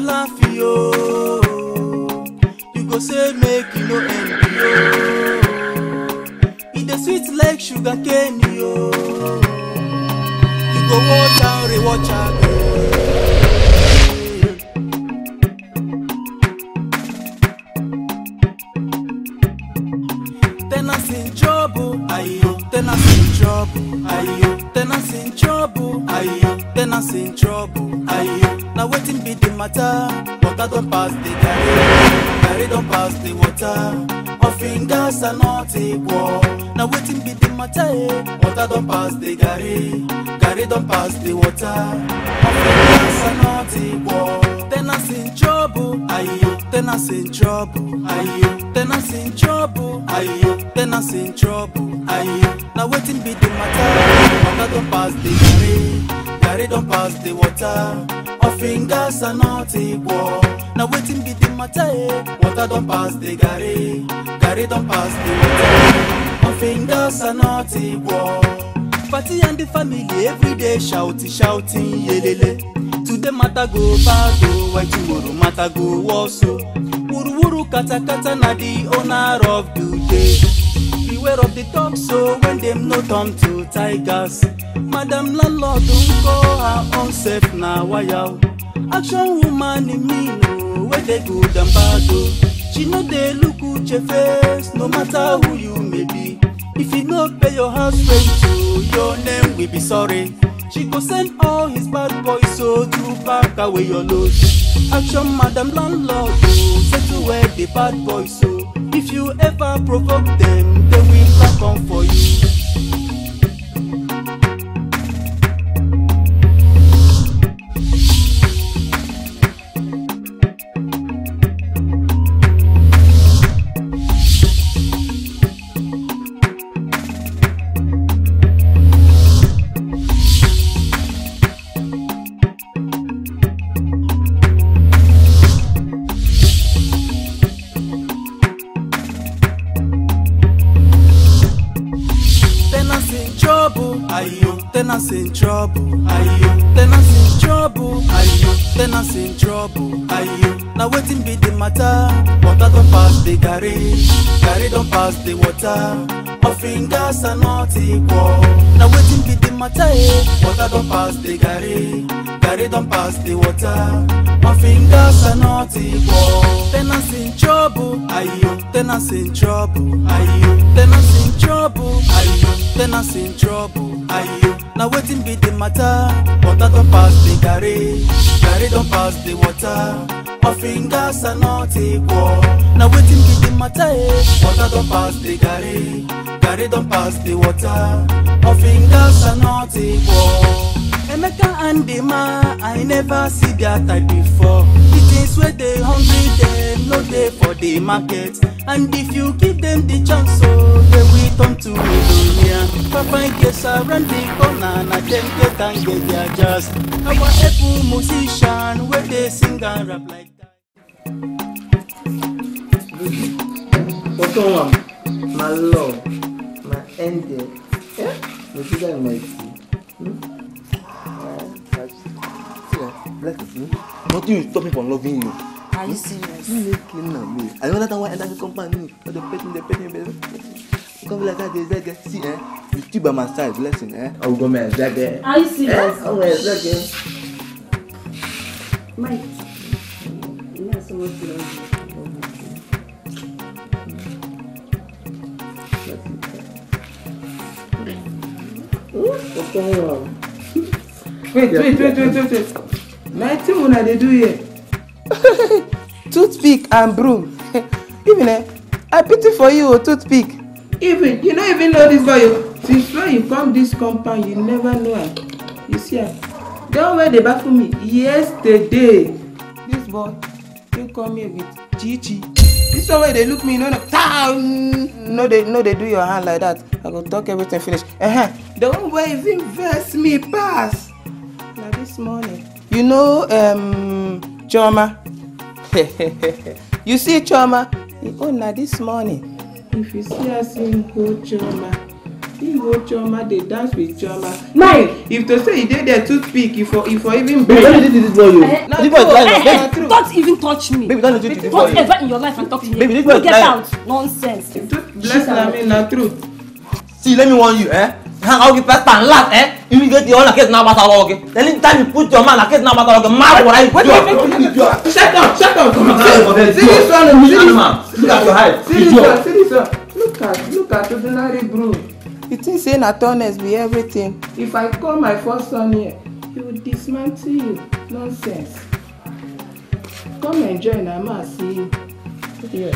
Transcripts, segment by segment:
laugh kata go also. so kata kata na the owner of the day beware of the talk so when them no come to tigers madam landlord don call her own self na wire o action woman in me know where they go and bad she know they look uche face no matter who you may be if you no pay your house rent o your name will be sorry. She go send all his bad boys so to pack away your load. Action, madam landlord, oh, settle where the bad boys so. If you ever provoke them, they will not come for you. Ayo, tenants in trouble. Ayo, tenants in trouble. Ayo, now waiting be the matter. Water don't pass the garage, garage don't pass the water. Offering gas are not equal. Now waiting be the matter. Eh? Water don't pass the garage, garage don't pass the water. Offering gas are not equal. Tenants in trouble. Ayo, tenants in trouble. Ayo, tenants in trouble. Ayo, tenants in trouble ayo na wetin be the matter water don pass the garri garri don pass the water our fingers are not equal na wetin be the matter eh water don pass the garri garri don pass the water our fingers are not equal. emeka and the man i never see their type before the things wey dey hungry dem no dey for the market and if you give dem the chance so oh, turn to Edonia. Papa Ikesa round the corner, na dem get and get their jazz. Our able musician wey dey sing and rap like that. Bottom one, my love, my angel. Eh? You see that in my tea? Hmm? Nothing will stop me from loving you. Are you serious? You make him now me. I don't know that why I don't company. They pet me, they pet me, they pet me. Come like that, Zege. See, eh? You still by my side, blessing, eh? Oh, go, man, Zege. I see. Eh? Oh, man, Zege. Eh? Mike. You have so much love. What's going on? Wait, wait, wait, wait, wait, wait. Nothing una dey do here. Toothpick and broom. Even eh, I pity for you, oh, toothpick even you don't even know this boy since when you come this compound you never know am you see don't wear the back for me yesterday This boy you come here with chichi dis one way they look me no no no they no they do your hand like that i go talk everything finish uh -huh. Don't wear even verse me pass Now this morning you know um, Choma. you see Choma. Oh own this morning if you see her sing go chioma sing go chioma dey dance with chioma. mike if to say you dey there toothpick you for you for even break. baby don't do this boy o. na true eh eh don't even touch me. baby don't do this boy o. don't ever in your life and talk to me. baby this boy o. you get out nonsense. bless na me na true. see let me warn you eh. Hang out with pas and lat eh ini get yo now about our lo ge telin time you put your man laket now about our ge mar wora I what you make shut up, shut up. come on see this one see this one look at your height see this one see this one look at look at ordinary bro you think saying attorneys be everything if i call my first son here he will dismantle you nonsense come enjoy na ma see you. Yeah.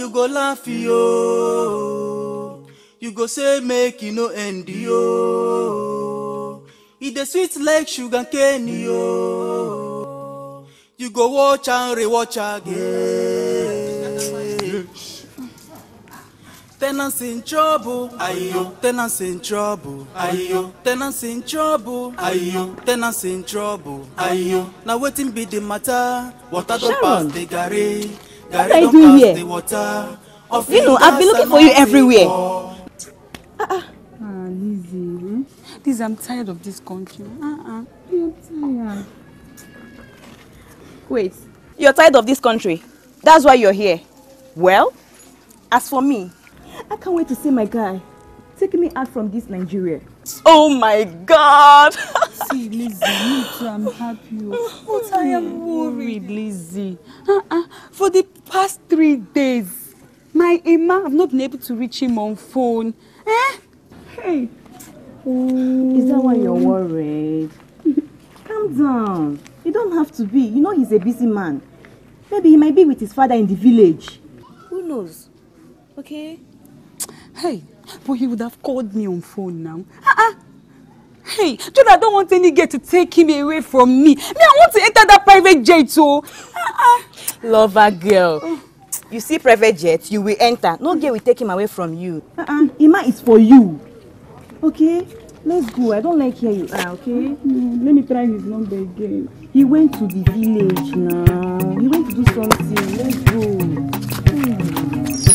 you go laugh yo you go say make e no end yo It e dey sweet like sugar cane yo you go watch and rewatch again tenants in trouble ayo tenants in trouble ayo tenants in trouble ayo tenants in trouble ayo Now waiting, be di matter water don pass the garri. What are you doing here? You know, I've been looking for you everywhere. Ah, ah, ah Lizzie. Hmm? I'm tired of this country. Uh-uh. you're tired. Wait, you're tired of this country? That's why you're here. Well, as for me, I can't wait to see my guy. Take me out from this Nigeria. Oh my God! see, Lizzie, me too, I'm happy. But oh. ah, I am mm, worried. Lizzie. Uh -uh. For the past three days, my Emma, I've not been able to reach him on phone. Eh? Hey. Is that why you're worried? Calm down. You don't have to be. You know he's a busy man. Maybe he might be with his father in the village. Who knows? Okay? Hey, but he would have called me on phone now. Uh -uh. Hey, Jude, I don't want any girl to take him away from me. Me, I want to enter that private jet, oh. Ah, ah. Lover girl. Oh. You see private jet, you will enter. No girl will take him away from you. Uh-uh. Ima is for you. Okay? Let's go. I don't like here you are, ah, okay? Mm, let me try his number again. He went to the village now. He went to do something. Let's go. Mm.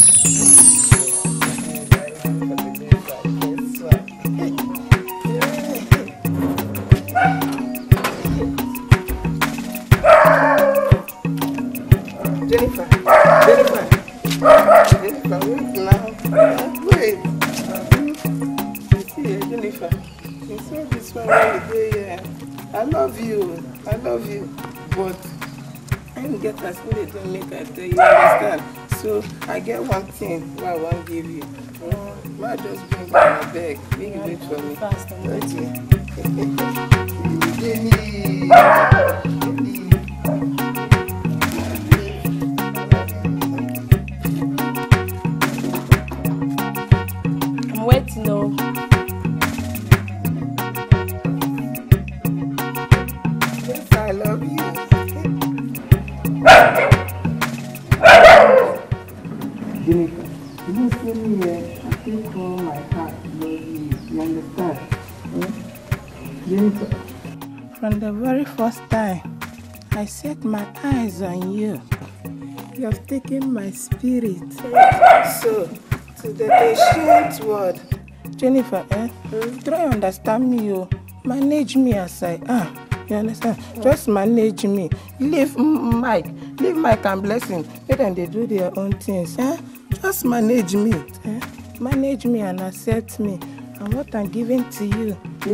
Jennifer, Jennifer, wait Wait. You Jennifer, I love you, I love you, but I didn't get as So I get one thing I mm, just bring my bag. Make you for me. Fast, okay. Hmm? From the very first time I set my eyes on you, you have taken my spirit. so, to the patient word. Jennifer, eh? Hmm? Try understand me, you. Manage me as I am. You understand? Just manage me. Leave mm, mm, Mike. Leave Mike and blessing. Let them they do their own things. Eh? Just manage me. Eh? Manage me and accept me and what I'm giving to you. this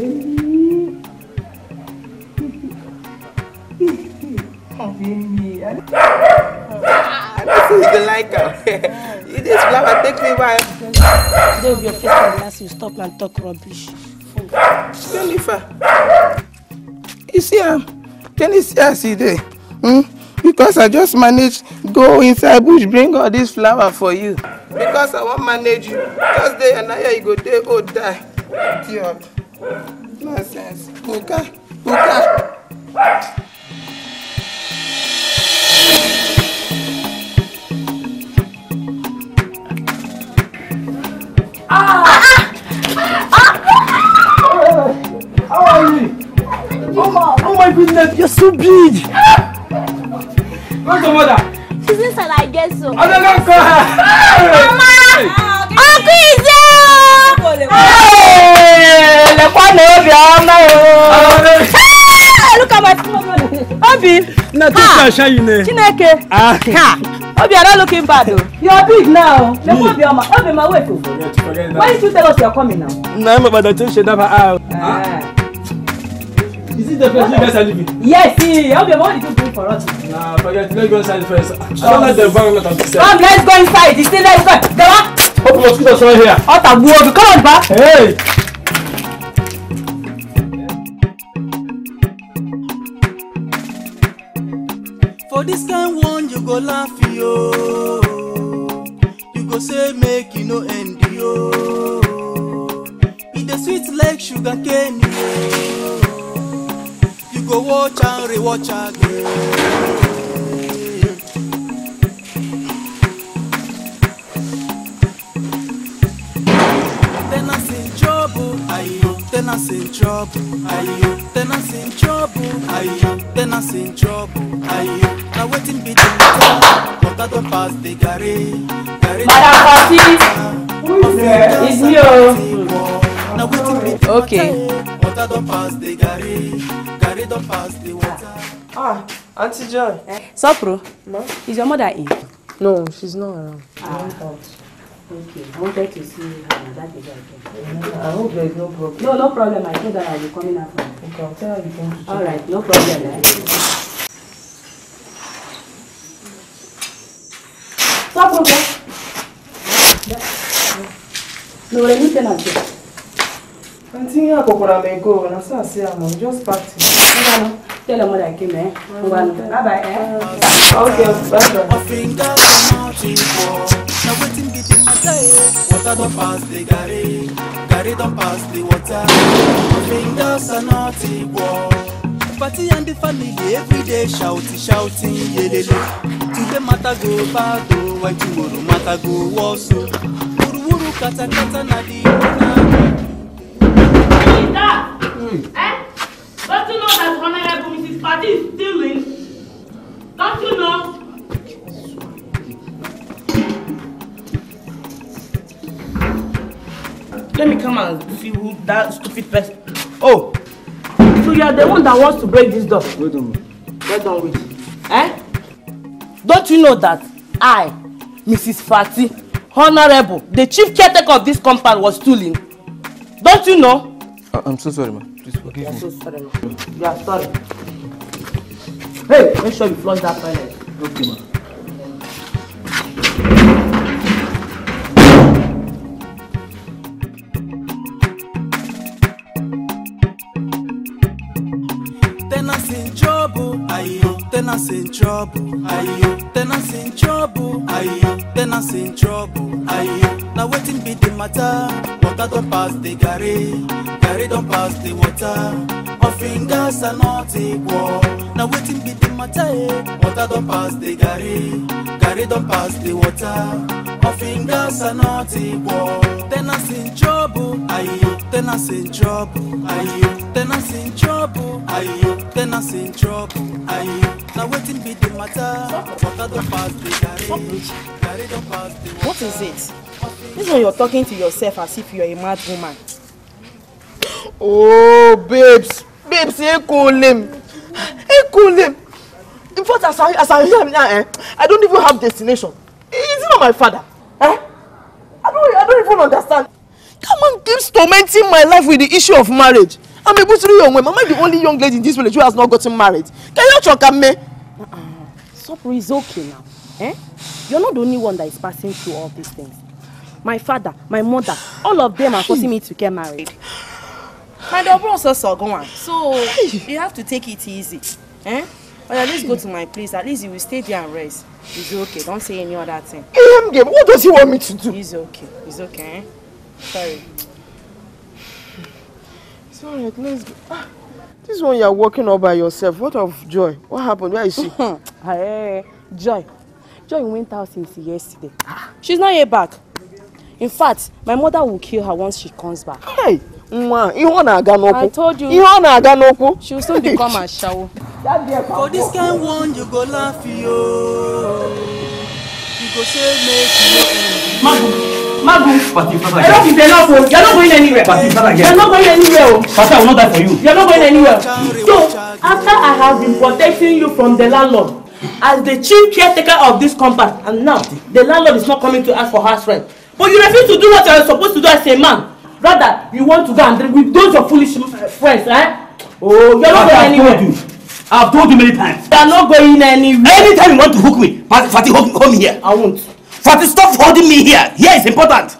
is the like of uh, this flower take me while. Today will be your first time last you stop and talk rubbish. Jennifer, you see am, can you see as today? dey? Hmm? Because I just managed go inside bush bring all this flower for you because i wan manage you just dey and now you go dey old die idiot nonsense buka buka. Ah! Ah! ah! How are you? Oh my, oh my goodness, you're so big! Ah! Where's your mother? Business and I guess so. I don't know. Mama! Ọkú ìjẹ́ o! Lẹ̀kọ́ ni obì ọmọ o. Look at my Obi. Na to fashion you Chineke. Ah. ah. Obi are not looking bad though. You are big now. Let me hmm. be Obi my way to. Why did you tell us you are coming now? Na me bad to she never out. Ah. Eh. Is it the place you guys are living? Yes, see, I'll be did you bring for us. Nah, forget, let's go inside first. I don't like the bank of this. Come, let's go inside. You see, let's go. Go on. Hope the mosquitoes are here. What a world. Come on, back. Hey. For this kind one, you go laugh, yo. You go say, make you no end, yo. It's the sweet like sugar cane, yo go watch and rewatch again. I in trouble, Then I in trouble, Then I in trouble, ayo. Now waiting be the matter, but I don't pass the gare. Gare. Madam Party, it's you. Oh. Now waiting be the Okay water don pass the garri garri don pass the water. ah, ah aunty joy. Eh? sopro no? is your mother in. no she's not around. ah okay i wanted to see her that day again. i hope there is no problem. no no problem i told her I'll be coming up. okay I'll tell her you come to check. all right no problem. Eh? sopro go. no remi ten ant. Auntie, I go for go. I'm just party. Tell them what I came, eh? Bye bye, eh? Okay, bye bye. Water don't pass the gare. Gare don't pass the water. My fingers are not equal. Party and the family every day shouting, shouting, yelele. Today matter go bad, oh, why tomorrow matter go worse, oh. Wuru kata kata na di Eh? Don't you know that Honorable Mrs. Patty is still Don't you know? Let me come and see who that stupid person. Oh, so you are the one that wants to break this door. Wait a minute. Wait on with Eh? Don't you know that I, Mrs. Fatty, Honorable, the chief caretaker of this compound was stealing? Don't you know? Eu ah, I'm so sorry, ma. Please forgive Eu sou I'm so sorry, ma. You are sorry. Hey, make sure you flush that toilet. Okay, ma. tenants in trouble, ayo. Tenants in trouble, ayo. Tenants in trouble, ayo. na wetin be the matter water don pass the garri garri don pass the water our fingers are not equal na wetin be the matter eh water don pass the garri garri don pass the water our fingers are not equal ten us in trouble ayo ten us in trouble ayo ten us in trouble ayo ten us in trouble ayo na wetin be the matter water don pass the garri garri don pass the water. what is it. This Even you're talking to yourself as if you're a mad woman. Oh, babes. Babes, you cool him. You cool him. In fact, as I, as I hear am now, eh, I don't even have destination. He's not my father. Eh? I don't, I don't even understand. Come on, keep tormenting my life with the issue of marriage. I'm a buttery young woman. Am I the only young lady in this village who has not gotten married? Can you talk at me? Uh-uh. Supper is okay now. Eh? You're not the only one that is passing through all these things my father, my mother, all of them are forcing me to get married. My daughter also saw going, so you have to take it easy. Eh? Well, at least go to my place. At least you will stay there and rest. It's okay. Don't say any other thing. game. what does he want me to do? It's okay. It's okay. Eh? Sorry. It's alright. Let's go. Ah, this one you are walking all by yourself. What of Joy? What happened? Where is she? hey, ah, eh, eh, eh. Joy. Joy went out since yesterday. Ah. She's not yet back in fact my mother will kill her once she comes back. Hey, nwa ihe ọ na-aga n'okwu. I told you. Ihe ọ na-aga n'okwu. She will soon become ashawo. For this kind one you go laugh yo. You go say make you no end. Magu, Pati, Father, enough is enough. Oh. You're not going anywhere. Pati, Father, you're not going anywhere. Oh. Father, I will not die for you. You're not going anywhere. So, after I have been protecting you from the landlord, as the chief caretaker of this compound, and now the landlord is not coming to ask for house rent. But you refuse to do what you are supposed to do as a man. Rather, you want to go and drink with those your foolish uh, friends, eh? Oh, you are not going anywhere. Told you. I've told you many times. You are not going anywhere. Anytime you want to hook me, Fatih, hold, hold me here. I won't. Fatih, stop holding me here. Here is important.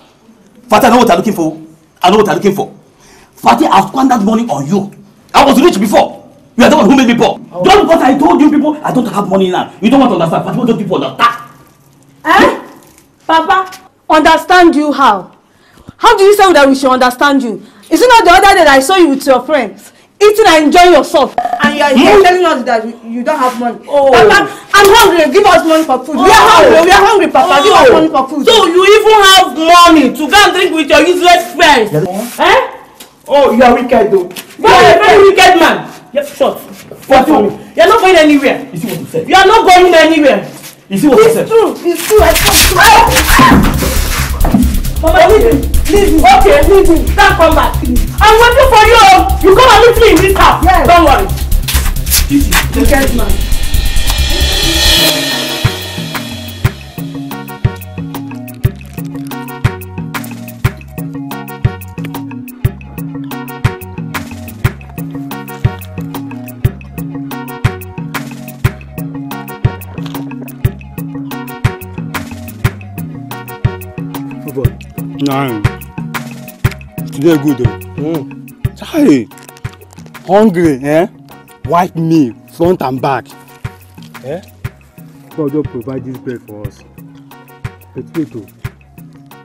Fatih, I know what I'm looking for. I know what I'm looking for. Fatih, I squandered money on you. I was rich before. You are the one who made me poor. Oh. Just because I told you people I don't have money now. You don't want to understand. Fatih, don't people that. Eh? Papa, understand you how? How do you say that we should understand you? Is it not the other day that I saw you with your friends? Eating and enjoying yourself. And you are here mm. telling us that you, don't have money. Oh. Papa, I'm hungry. Give us money for food. Oh. We are oh. hungry. We are hungry, Papa. Oh. Give us oh. money for food. So you even have money to go and drink with your useless friends? Yes. Eh? Oh, you are wicked though. You are a very wicked man. Yes, shut. What for me? You are not going anywhere. You see what you said? You are not going anywhere. You see what it's you said? It's true. It's true. I promise. Mama, leave him. Leave him. Okay, leave him. Don't come back. I'm waiting for you. You come and meet me in this house. Yes. Don't worry. You get man. Nine. Today good. Mm. Hungry, eh? White meal, front and back. Eh? God just provide this bread for us. Potato.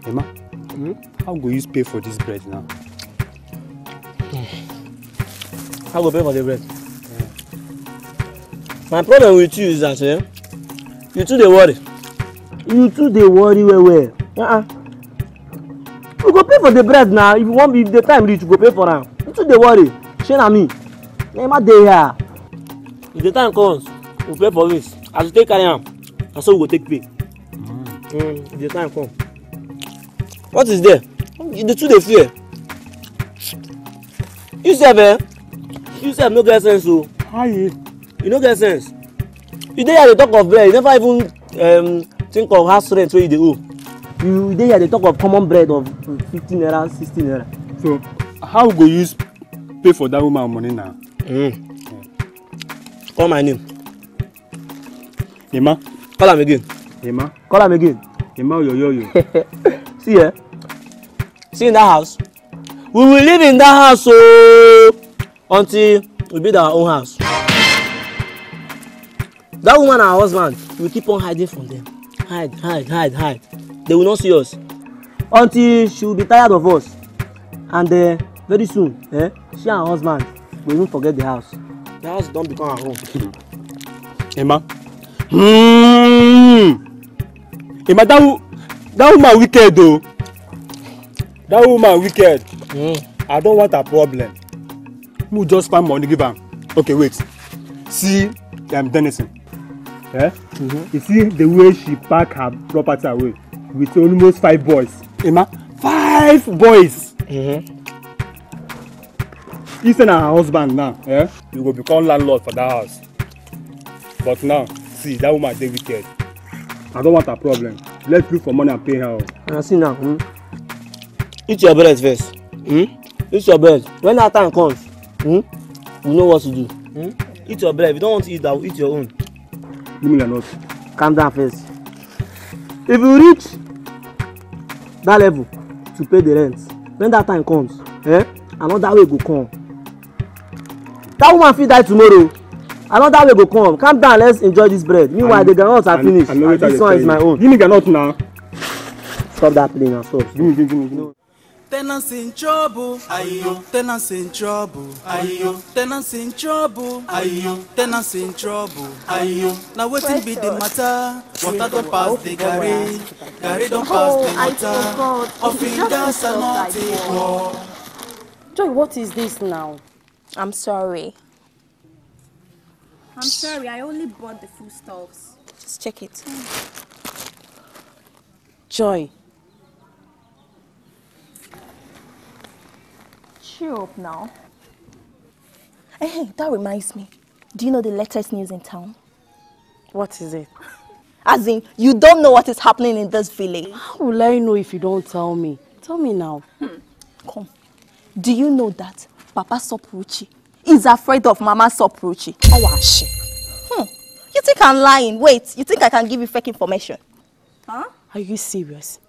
Emma, hmm? how will you pay for this bread now? Mm. How go pay for the bread? Yeah. My problem with you is that eh, you too they worry. You too they worry where where. Uh -uh you go pay for the bread na if you wan be the time reach you go pay for am you too dey worry shey na me na emma dey here. if the time comes we pay for this as you take carry am na so we go take pay mm. Mm, if the time come what is there You the two dey fear you sef eh you sef no get sense o oh. you no get sense you dey here dey talk of bread you never even um, think of house rent wey you dey owe you dey here dey talk of common bread of fifteen naira sixteen naira. so how we go use pay for dat woman money na. Mm. call my name. emma. call am again. emma. call am again. emma oyoyoyo. see eh see in dat house we will live in dat house ooo oh, until we build our own house. dat woman and her husband we keep on hiding from dem hide hide hide hide they will not see us until she will be tired of us and uh, very soon eh, she and her husband go even forget the house. the house don become her home. emma mm. emma that, that woman wicked oo that woman wicked mm. i don want her problem we just find money give am okay wait see um, denison eh? mm -hmm. you see the way she pack her property away with almost five boys. Emma, five boys. Mm-hmm. Instead her husband now, yeah. You will become landlord for that house. But now, see, that woman dey wicked. I don't want a problem. Let's look for money and pay her. I ah, see now, hmm? Eat your bread first. Hmm? Eat your bread. When that time comes, hmm? you know what to do. Hmm? Eat your bread. If you don't want to eat that, eat your own. Give me a note. Calm down first if you reach that level to pay the rent when that time comes eh, another way go come that woman fit die tomorrow another way go come calm down let's enjoy this bread meanwhile the groundnut are finished and this one is my own. give me groundnut now. stop that play na stop. give me give me give me. Tenants in trouble, ayo. Tenants in trouble, ayo. Tenants in trouble, ayo. Tenants in trouble, ayo. Now wetin be the matter? Water don pass the garri, garri don pass the oh, water. Oh Offering gas and not equal. Joy, what is this now? I'm sorry. I'm sorry, I only bought the foodstuffs. Just check it. Mm. Joy. cheer up now. Hey, eh, eh, that reminds me. Do you know the latest news in town? What is it? As in, you don't know what is happening in this village. How will I know if you don't tell me? Tell me now. Hmm. Come. Do you know that Papa Sopruchi is afraid of Mama Sopruchi? How oh, is she? Hmm. You think I'm lying? Wait, you think I can give you fake information? Huh? Are you serious?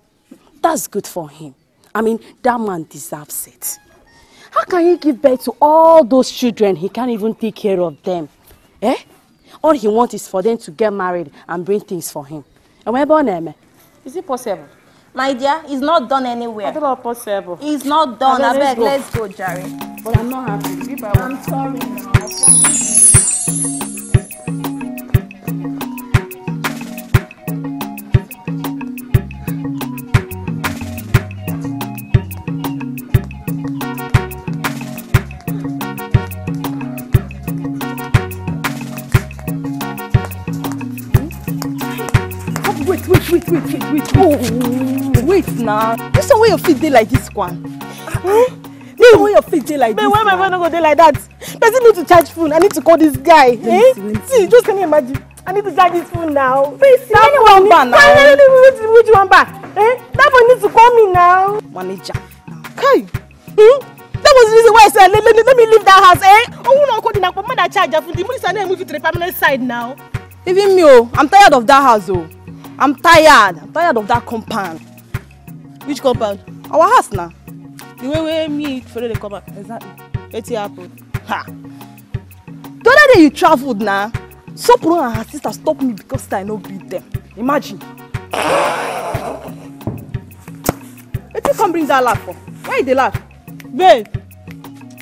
That's good for him. I mean, that man deserves it. How can he give birth to all those children? He can't even take care of them. Eh? All he wants is for them to get married and bring things for him. Is it possible? My dear, it's not done anywhere. I It's not possible. It's not done. I beg, let's go, Jerry. But I'm not happy. I'm sorry. wait wait wait oh wait na dis one wey your feet dey like this, Huh? one dis one wey your feet dey like dis one. why my phone no go dey like that person need to charge phone i need to call this guy eh see just can you imagine i need to charge this phone now. face that phone ban na why you which one ban eh that phone needs to call me now. manager kai hmm? that was the reason why i said let, let, let me leave that house eh ohun na ko di na papa man na charge am for the money sani emu to the permanent side now. even me o i'm tired of that house Oh. I'm tired. I'm tired of that compound. Which compound? Our house now. The way where me follow the compound. Exactly. Wetin happen? Ha! The other day you traveled now. So Sopuru and her sister stopped me because I no beat them. Imagine. Wetin come bring that laugh for? Why they laugh? Babe,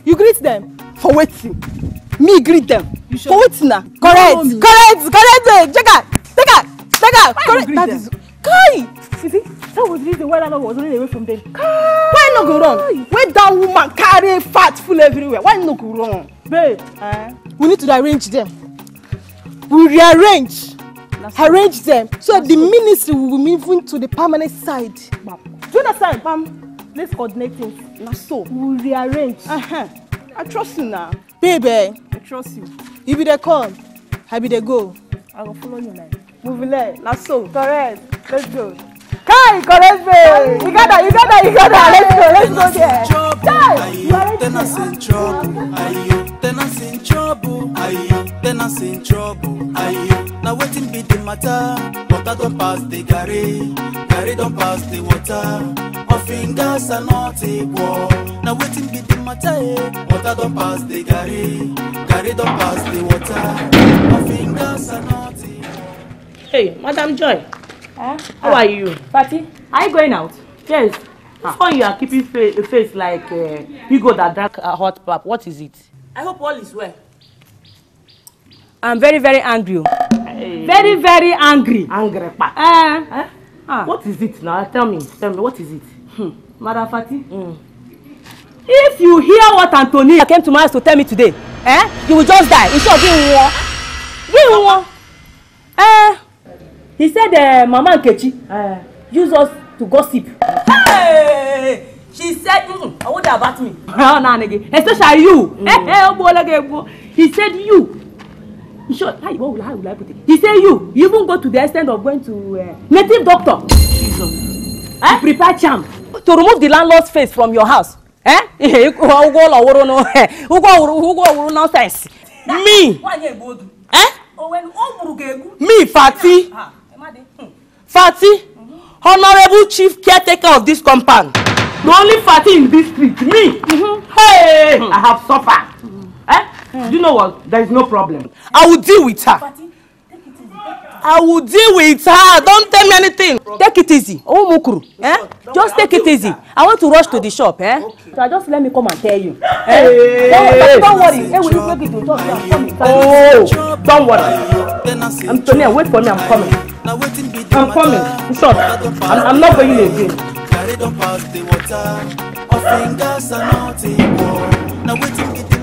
you greet them for waiting. Me greet them. You sure? For waiting now. Correct. Correct. Correct. Check out. Check out that? Correct. That is. Kai! You see, that was the reason why Lama was running away from them. Kai! Why not go wrong? Where that woman carry fat full everywhere, why not go wrong? Babe, uh, we need to arrange them. We rearrange, That's arrange them so That's the ministry will be moving to the permanent side. Ma'am. Do you understand? Ma'am, let's coordinate things. Na so. We rearrange. Uh-huh. I trust you now. Babe, eh? I trust you. You be the call, I be the go. I will follow you now. Muvile, Lasso, Torres, let's go. Kai, me. You got that, you got that, you got that, let's go, let's go there. Kai! You are in trouble, are you? Tenants in trouble, are you? Tenants in trouble, are you? Now waiting be the matter, water don't pass the gare, gare don't pass the water. Our fingers are not equal, now waiting be the matter, water don't pass the gare, gare don't pass the water. Our fingers are not equal. Hey, Madam Joy. Eh? How ah. are you? Patty, are you going out? Yes. Ah. How you are keeping fa a face like uh, you go that drank a uh, hot pap? What is it? I hope all is well. I'm very, very angry. Hey. Very, very angry. Angry pap. Eh? Eh? Ah. What is it now? Tell me. Tell me, what is it? Hmm. Madam Fati? Mm. If you hear what Anthony came to my house to tell me today, eh? You will just die. It's your give one. Give one. Eh? he said uh, mama nkechi uh, use us to gossip. Hey! she said mm, i wonder about me. brown oh, anigi especially you. ẹ ọgbọ ọlọgẹ he said you in short how you wan how you like put it he said you you even go to the extent of going to uh, native doctor Jesus. Eh? to prepare charm to remove the landlord's face from your house eh ugwo ọlọwọrọ no ugwo ọwụrụ ugwo ọwụrụ nonsense me eh oh, oh, me fati. Ah. Hmm. Fati, honorable chief caretaker of this compound. The only Fati in this street, me. Mm-hmm. Hey, mm-hmm. I have suffered. Eh? You know what? There is no problem. I will deal with her. Fati, I will deal with her. Don't tell me anything. Take it easy. Oh, Mukuru. Eh? Just take it easy. I want to rush to the shop. Eh? So just let me come and tell you. Eh? Hey, don't, don't worry. Hey, will you make it to the talk? Oh, don't worry. I'm Tony. Wait for me. I'm coming. I'm coming. Stop. I'm, I'm not going again. Carry don't pass the water. Our fingers are not equal. Now waiting.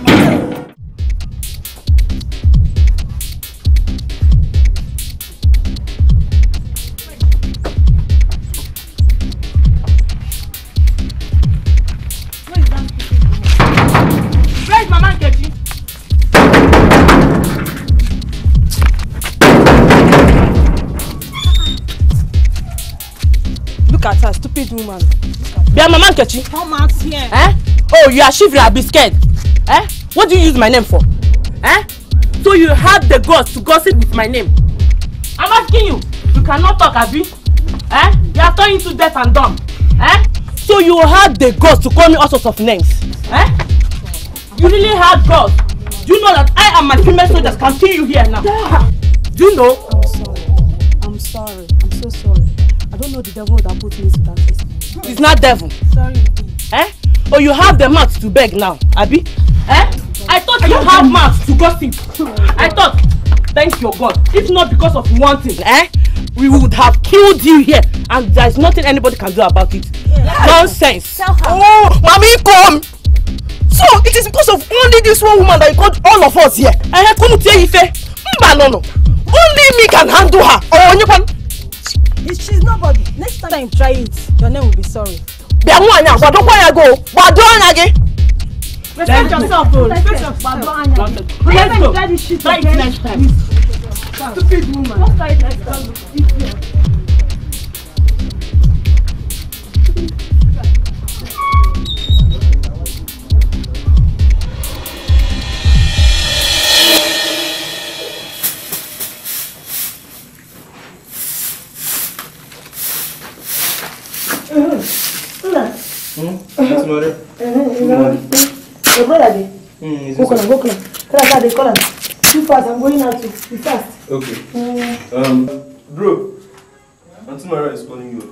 Nkechi? Come out here. Eh? Oh, you are shivering, I'll be scared. Eh? What do you use my name for? Eh? So you had the guts to gossip with my name? I'm asking you. You cannot talk, Abi. Eh? You are turning to death and dumb. Eh? So you had the guts to call me all sorts of names? Eh? You really had guts. Do you know that I and my female soldiers can kill you here now? Yeah. Do you know? I'm sorry. I'm sorry. I'm so sorry. I don't know the devil that put me into that It's not devil. Sorry. Eh? Oh, you have the mouth to beg now, Abi? Eh? I thought you have mouth to gossip. I thought, thank your God, if not because of one thing, eh? We would have killed you here, and there's nothing anybody can do about it. Yeah. Nonsense. Tell her. Oh, mommy, come. So it is because of only this one woman that you got all of us here. I eh, have come to tell Ife. Mba, Only me can handle her. oh, anyone. She's nobody. Next time you try it, your name will be sorry. Be a Bẹ̀múwànyà, gbàdúkwànyà go, gbàdúwànyà go Respect yourself, bro. Respect yourself. Let's go. Try it next time. Stupid woman. What kind of Hmm? Hmm? Hmm, Too fast, I'm going out to be fast. Okay. Mm. Um, bro, Auntie Mara is calling you.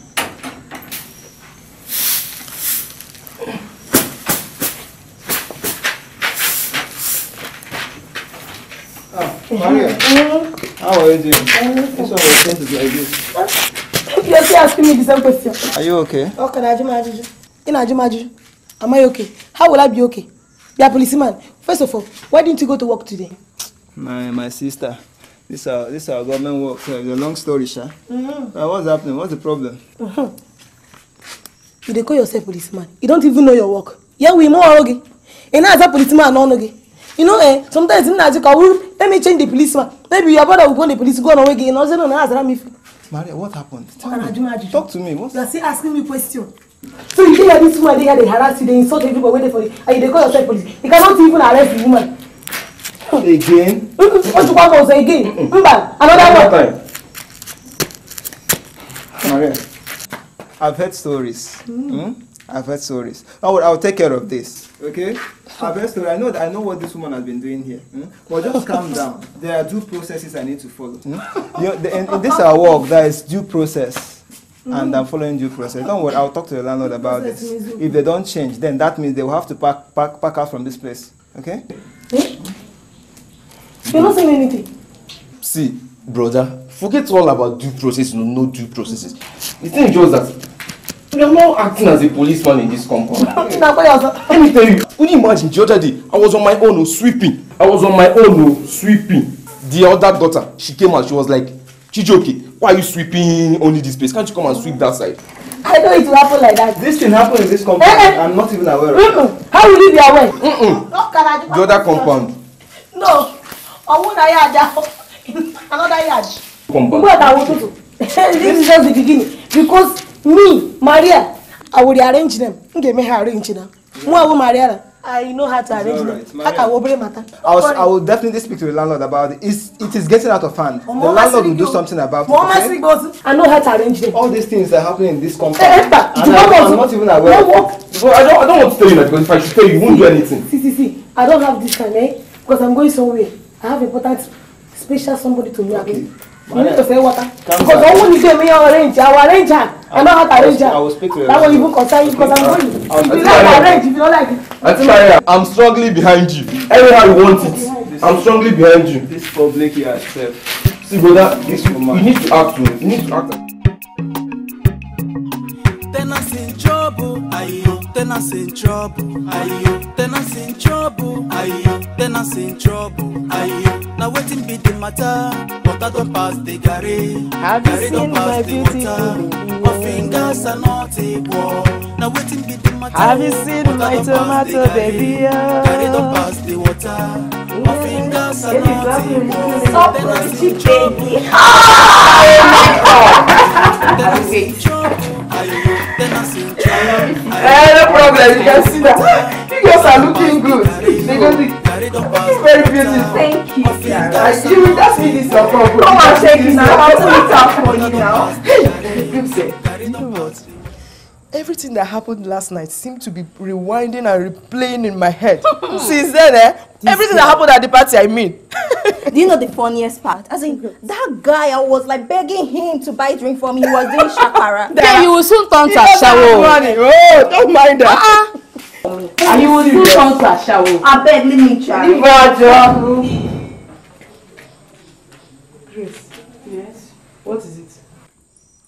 Ah, Maria, mm -hmm. how are you doing? Mm -hmm. This one was sent like this. What? You're still asking me the same question. Are you okay? Okay, Najimaji. In Najimaji. Am I okay? How will I be okay? You're a policeman. First of all, why didn't you go to work today? My my sister. This our this our government work. Uh, it's a long story, sir. Mm-hmm. Uh, what's happening? What's the problem? Mm-hmm. You call yourself policeman. You don't even know your work. Yeah, we more okay. You know as a policeman, no okay. You know, eh, sometimes in Nigeria, let me change the policeman. Maybe your brother will go on the police, go on away again. No, no, no, no, no, no, no, no, no, no, no, Maria, what happened? Tell me. Talk to me. What? What's... are still asking me questions. So you hear these woman, they hear they harass you, they insult everybody, wait for you, and you call yourself police. You cannot even arrest the woman. Again? What you want to say again? Remember another one. Another time. Maria, I've heard stories. Mm. Mm? I've heard stories. I oh, will, I will take care of this. Okay? I've heard stories. I know, I know what this woman has been doing here. Hmm? But just calm down. There are due processes I need to follow. Hmm? You, the, in, in this our work, there is due process. Mm. And I'm following due process. Don't worry, I'll talk to the landlord about this. If they don't change, then that means they will have to pack, pack, pack out from this place. Okay? Eh? You're not saying anything. See, brother, forget all about due process, no, no due processes. The thing is just that You are not acting as a policeman in this compound. Let me tell you, could you imagine the other day I was on my own oh, sweeping. I was on my own oh, sweeping. The other daughter, she came and she was like, Chijoke, why are you sweeping only this place? Can't you come and sweep that side? I know it will happen like that. This thing happened in this compound. Eh, eh. I'm not even aware of Mm -mm. How will you be aware? Mm -mm. No, the other compound. No. I Another yard. Another yard. Compound. What I want to. do? This is just the beginning. Because me maria i will arrange them m ga-eme ha arrange na nwa awụ maria na I know how to it's arrange right. them. Aka obere matter. I I will definitely speak to the landlord about it. It's, it is getting out of hand. the landlord will do something about it. Okay? I know how to arrange them. All these things are happening in this compound. Hey, eh, eh, and I, I'm not even aware. Don't so I don't, I don't want to tell you that because if I should tell you, you won't do anything. See, see, see. I don't have this time, eh? Because I'm going somewhere. I have important special somebody to me. Okay. Again you need to sell water because owó ni say may you arrange i will arrange i know how to arrange am that one even concern you because i'm going if you like arrange if you no like. it. aunty maria i'm strongly behind you anyhow you want it i'm strongly behind you. this public here sef. see brother you need to act o you need to act. tenants in trouble. Ayo, tenants in trouble. Ayo, tenants in trouble. Ayo, now waiting be the matter. I don't pass the gare. Gare don't pass the water. My fingers are not equal. Now waiting be the matter. Have you seen water my tomato, baby? Gare don't pass the water. My fingers are not equal. Stop tenants in trouble. Baby. Oh, my God. Tenants in trouble. Ayo. Eh, no problem. You can see that. You guys are looking good. They're going to be very beautiful. Thank you. Yeah, you will just need this your problem. Come and shake it now. I'll put it up for you now. Hey, you know what? Everything that happened last night seemed to be rewinding and replaying in my head. Since then, eh, Everything that happened at the party, I mean. Do you know the funniest part? As in, that guy, I was like begging him to buy drink for me. He was doing shakara. Then you will soon turn to ashawo. Oh, don't mind that. Uh-uh. you will soon turn to ashawo. I beg, let me try. Leave her, Grace. Yes? What is it?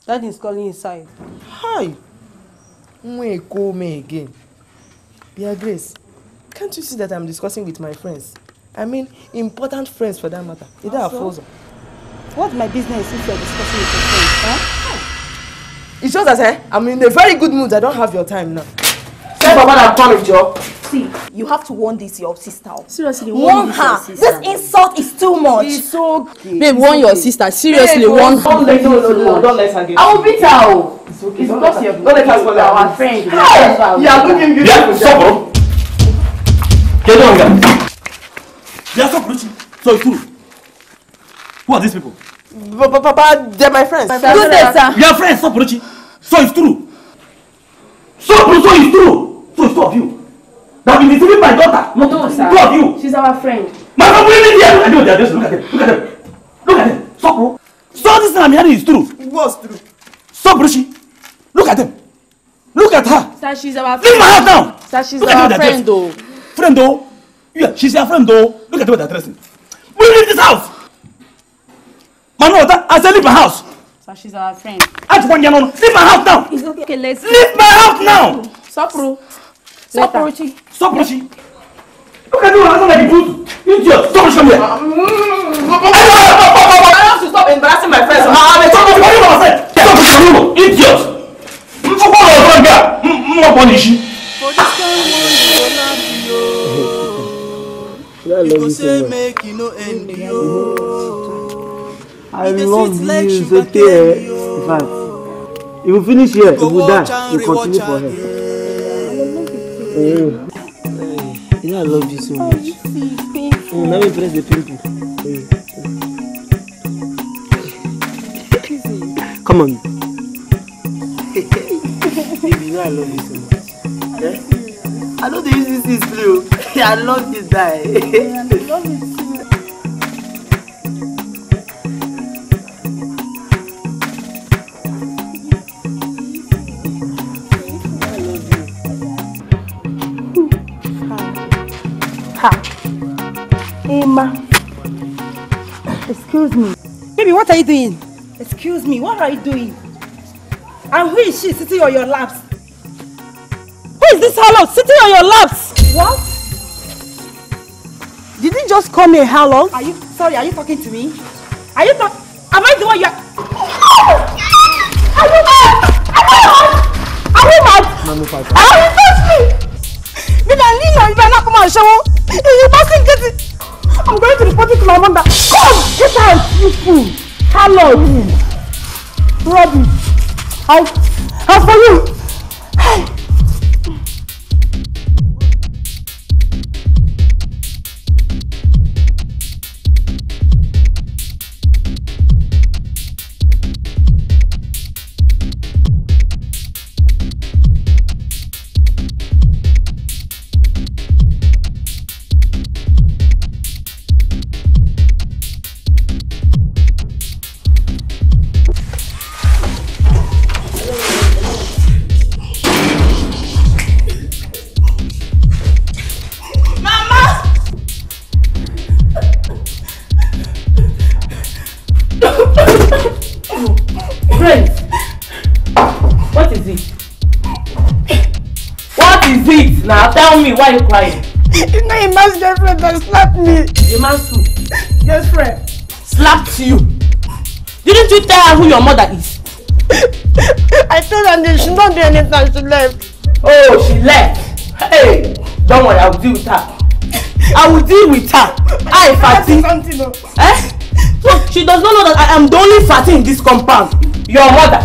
Daddy is calling inside. Hi. call me again. Dear Grace. Can't you see that I'm discussing with my friends? I mean, important friends for that matter. Is that or Fozo. What's my business if you're discussing with your friends, huh? It's just that eh, I'm in a very good mood. I don't have your time now. Say, Baba, I'm coming, Joe. See, you have to warn this your sister. Seriously, warn, her. This insult is too much. It's okay. Babe, warn your sister. Seriously, Babe, warn her. Don't let, her. no, no, don't let her get I will beat her. Oh. It's okay. It's not your Don't let her spoil our friend. you are looking beautiful. Yeah, stop. They don't know. They are so preaching. So it's true. Who are these people? Papa, they're my friends. My friends. Good day, sir. Your friends, so preaching. So it's true. So, so it's true. So it's two of you. That will be deceiving my daughter. No, no sir. Two of you. She's our friend. My friend, bring me here. I know they look at them. Look at them. Look at them. So, bro. So this thing I'm hearing is true. It was true. So, Brushi. Look at them. Look at her. Sir, she's our friend. Leave my house now. Sir, she's look our friend, though friend o yeah she's your friend o look at the way they're dressing we leave this house manu ota i say leave my house. So she's our friend. ask one yan leave my house now. it's okay let's. leave my house now. sopro soprochi. soprochi. look at you as like you you idiot stop shame. Mm. I want to stop embarrassing my friends. Ah, I'm a stop it for you, idiot. Idiot. Mfukwa ọ̀rọ̀ ọ̀gá, Stop pọ̀ nìṣí. I love you so much. I love you, it's okay. Eh, in fact, if you finish here, if you die, you continue for her. I love you so much. Eh. Mm, now we press the pimple. Come on. Baby, you know I love you so much. Oh, mm, I know they use this blue. I love you, guy. I love you too. Emma. Excuse me. Baby, what are you doing? Excuse me, what are you doing? And who is she sitting on your laps? Who is this hollow sitting on your laps? What? you just call me a harlot? Are you sorry? Are you talking to me? Are you talking? Am I the one you are? Oh! Are you mad? Are you mad? Are you mad? No, no, Papa. Are you thirsty? Then I need you. If I not come and show, if you mustn't get it, I'm going to report it to my mother. Come, get out, you fool! Harlot, rubbish. I'll, I'll for you. Hey. why are you crying? you know your man's girlfriend that slapped me. Your man's who? Girlfriend. Slapped you? Didn't you tell her who your mother is? I told her that she not do anything, she left. Oh, she left. Hey, don't worry, I will deal with her. I will deal with her. I, fatty. Eh? she does not know that I am the only fatty in this compound. Your mother.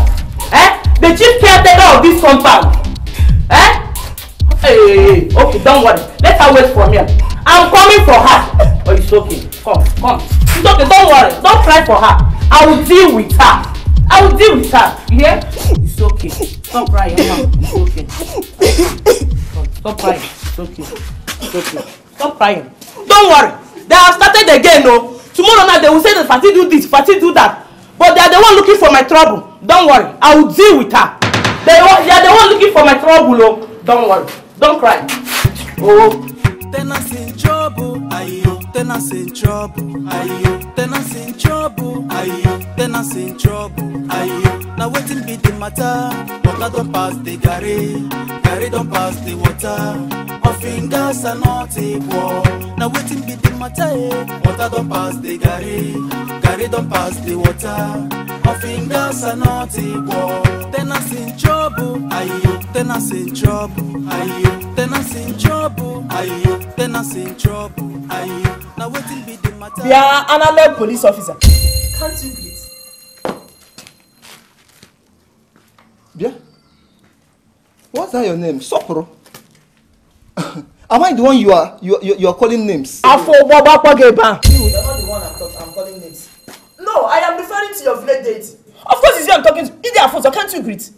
Eh? The chief caretaker of this compound. Hey, okay, don't worry. Let her wait for me. I'm coming for her. Oh, it's okay. Come, come. It's okay, don't worry. Don't cry for her. I will deal with her. I will deal with her. You hear? It's okay. Stop crying, mom. It's okay. Come, Stop crying. It's okay. It's okay. Stop crying. Don't worry. They have started again, no. Oh. Tomorrow night they will say that Fati do this, Fati do that. But they are the one looking for my trouble. Don't worry. I will deal with her. They, they are the one looking for my trouble, oh. Don't worry. Don't cry. Oh. Tenants in trouble, ayo. Tenants in trouble, ayo. Tenants in trouble, ayo. Tenants in trouble, ayo na wetin be the matter water don pass the garri garri don pass the water my fingers are not equal na wetin be the matter eh water don pass the garri garri don pass the water my fingers are not equal tenants in trouble ayo tenants in trouble ayo tenants in trouble ayo tenants in trouble ayo na wetin be the matter. we are analog police officer. can't you believe. Bia, what's that your name? Sopro. Am I the one you are you you, you are calling names? Afowoba Pageba. You, you're not the one I'm, calling names. No, I am referring to your village date. Of course, it's you I'm talking to. It's their photo. Can't you greet?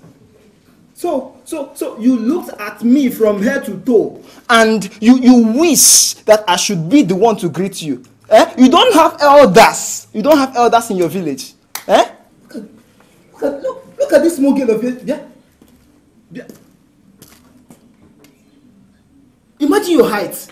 So, so, so you looked at me from head to toe, and you you wish that I should be the one to greet you. Eh? You don't have elders. You don't have elders in your village. Eh? look, Look at this small girl of it. Yeah. yeah. Imagine your height.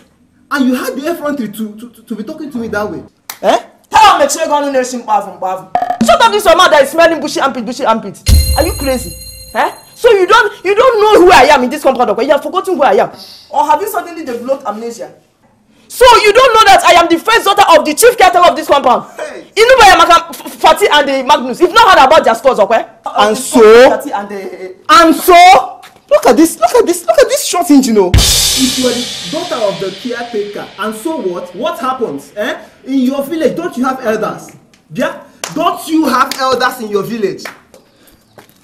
And you had the effrontery to, to, to, to be talking to me that way. Eh? Tell me, check on the nation, bathroom, bathroom. Shut up this woman! that is smelling bushy armpit, bushy armpit. Are you crazy? Eh? So you don't you don't know who I am in this compound, okay? You have forgotten who I am. Or have you suddenly developed amnesia? So you don't know that I am the first daughter of the chief caretaker of this compound. Hey. Inubayamaka Fati and the Magnus. If not heard about their scores, okay? And so, Fati and the. Uh, and so, look at this, look at this, look at this short engine, you oh. know. If you are the daughter of the caretaker, and so what? What happens? Eh? In your village, don't you have elders? Yeah? Don't you have elders in your village?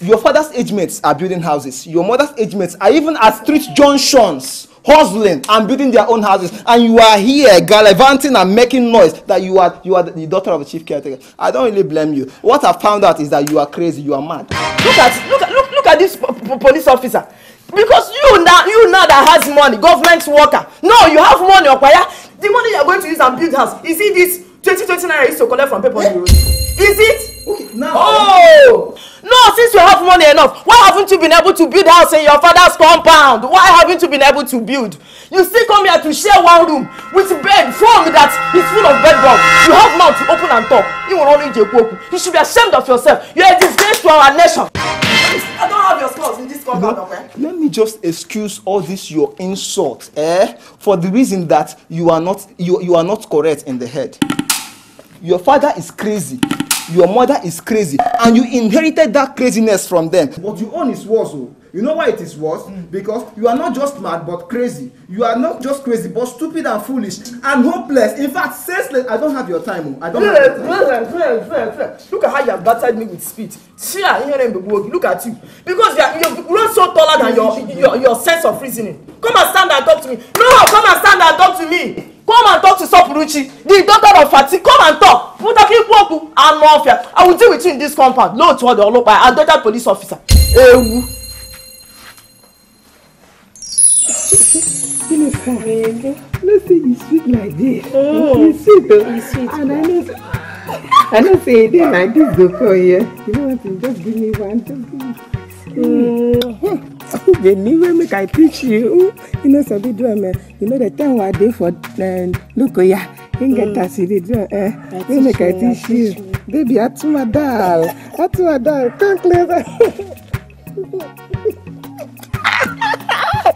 Your father's age mates are building houses. Your mother's age mates are even at street junctions hustling and building their own houses and you are here gallivanting and making noise that you are you are the daughter of a chief caretaker i don't really blame you what i found out is that you are crazy you are mad. look at look at look, look at this police officer because you now you now that has money government worker no you have money okwaya the money you are going to use and build house you see this twenty twenty naira is to collect from people on the road is it. okay now. oh no since you have money enough why haven't you been able to build house in your father's compound why haven't you been able to build you still come here to share one room with bed foam that is full of bed bug you have mouth to open and talk you won only jeku oku you should be ashamed of yourself you are a disgrace to our nation. I don't have your scores in this compound, okay? Let me just excuse all this your insult, eh? For the reason that you are not you, you are not correct in the head your father is crazy your mother is crazy and you inherited that craziness from them. but you own is worse o. Oh. You know why it is worse? Mm. Because you are not just mad but crazy. You are not just crazy but stupid and foolish and hopeless. In fact, senseless. I don't have your time. Oh. I don't have your time. Look at how you have battered me with spit. Look at you. Because you are, you're, you're so taller than your, your, your sense of reasoning. Come and stand and talk to me. No, come and stand and talk to me. Come and talk to Sopuruchi, the doctor of Fati. Come and talk. Mutaki Poku and Mafia. I will deal with you in this compound. No to the Olopa, a daughter police officer. Ewu. Minister, Maybe. nothing is sweet like this. Oh. It's sweet, though. It's sweet. And I know, I know say then like this go for here. You know what? Just give me one. Just give me. Mm. They knew where make I teach you. You know, so be do man. Eh, you know the time I did for um, look, oh, yeah. You get that mm. city do. Eh, they make I teach you. Baby, Atumadal, Atumadal, can't clear that.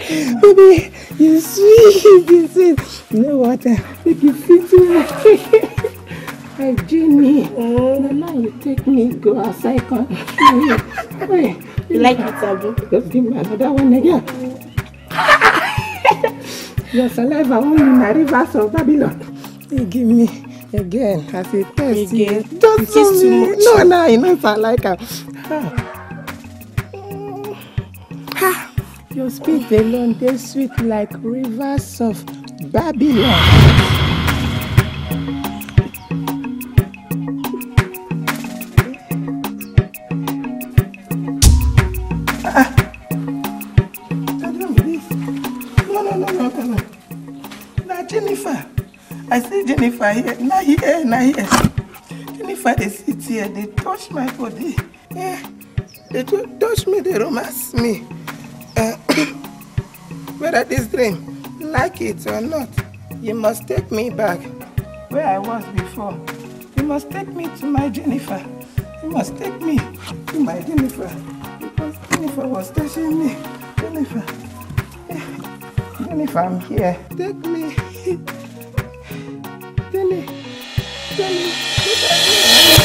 Baby, you sweet, you sweet. You know what? If you fit me. Hey, Jenny, mm. now you take me, go outside, come. Hey, you like it, Abu? Just give me another one again. Your saliva only be in the rivers of Babylon. You give me again as a test. Again. Don't it is too much. No, no, you know I like her. Ah. Ha. ha your speed alone dey sweet like rivers of babylon. Ah. Jennifer, I see Jennifer here, na here, eh, na here. Eh. Jennifer they sit here, They touch my body. Yeah. They touch me, they romance me. whether this dream, like it or not, you must take me back where I was before. You must take me to my Jennifer. You must take me to my Jennifer. Because Jennifer was touching me. Jennifer. Eh, Jennifer, I'm here. Take me. Jenny. Jenny.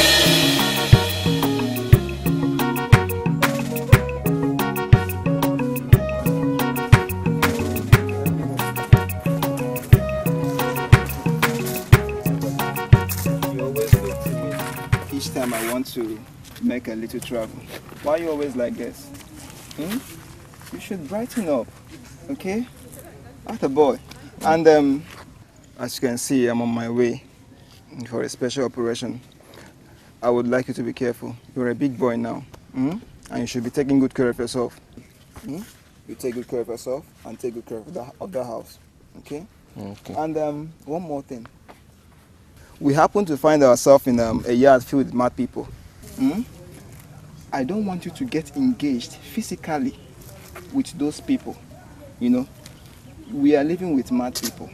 time I want to make a little travel. Why you always like this? Hmm? You should brighten up, okay? What a boy. And um, as you can see, I'm on my way for a special operation. I would like you to be careful. You're a big boy now, hmm? and you should be taking good care of yourself. Hmm? You take good care of yourself and take good care of the, of the house, okay? okay. And um, one more thing we happen to find ourselves in um, a yard filled with mad people. Hmm? I don't want you to get engaged physically with those people. You know, we are living with mad people.